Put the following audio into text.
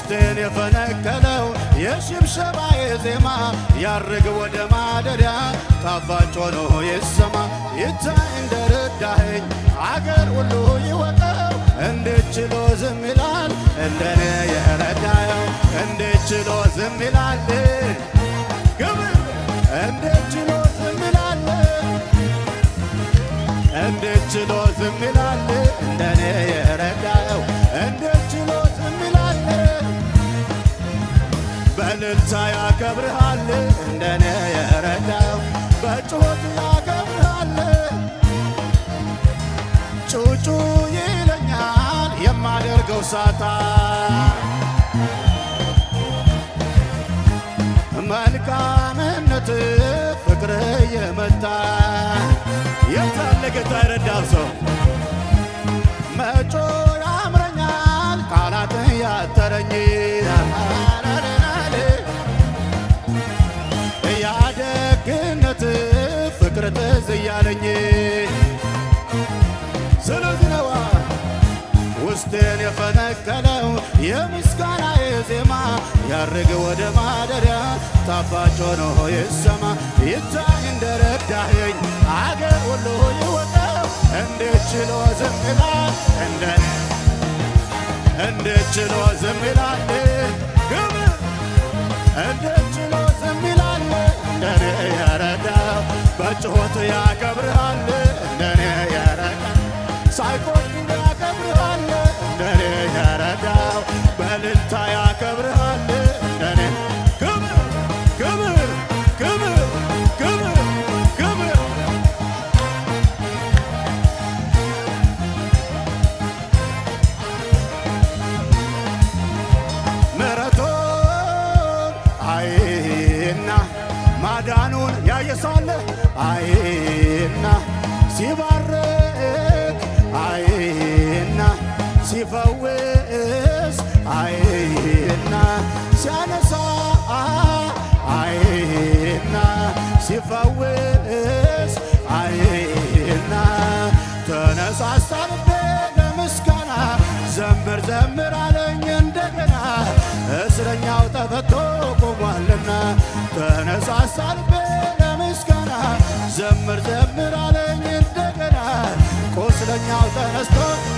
ውስጤን የፈነከለው የሽብሸባ የዜማ ያርግ ወደ ማደሪያ ጣፋጭ ሆኖ ይሰማ ይታይ እንደረዳኸኝ አገር ሁሉ ይወቀው እንዴት ችሎ ዝም ይላል እንደኔ የረዳኸው እንዴት ዝም ይላል ግብር እንዴት ዝም ይላል እንዴት ዝም ይላል እንደኔ በእልልታ ያከብርሃል እንደኔ የረዳው በጩኸት ያከብርሃል። ጩጩ ይለኛል የማደርገው ሳታ መልካምነት ፍቅር የመጣ የታለ ጌታ የረዳው ሰው ፍቅር ትዝ እያለኝ ስለዝነዋ ውስጤን የፈነከለው የምስጋናዬ ዜማ ያርግ ወደ ማደሪያ ታፋጭ ሆኖ ይሰማ ይታይ እንደረዳኸኝ አገር ሁሉ ይወቀው እንዴት ችሎ ዝም ይላል እንዴት ችሎ ዝም ይላል በጭሆት ያከብርሃል እንደኔ የረዳ ሳይቆጥብ ያከብርሃል እንደኔ የረዳው በልልታ ያከብርሃል እንደኔ ክብር ክብር ክብር ክብር ክብር ምሕረቱን አይና ማዳኑን ያየሳለ አይና ሲባርክ አይና ሲፈውስ አይና ሲያነሳ አይና ሲፈውስ አይና ተነሳሳልቤ ለምስጋና ዘምር ዘምር አለኝ እንደገና እስረኛው ተፈቶ ቆሟልና ተነሳሳልቤ ዘምር ዘምር አለኝ እንደገና ቆስለኛው ተነስቶ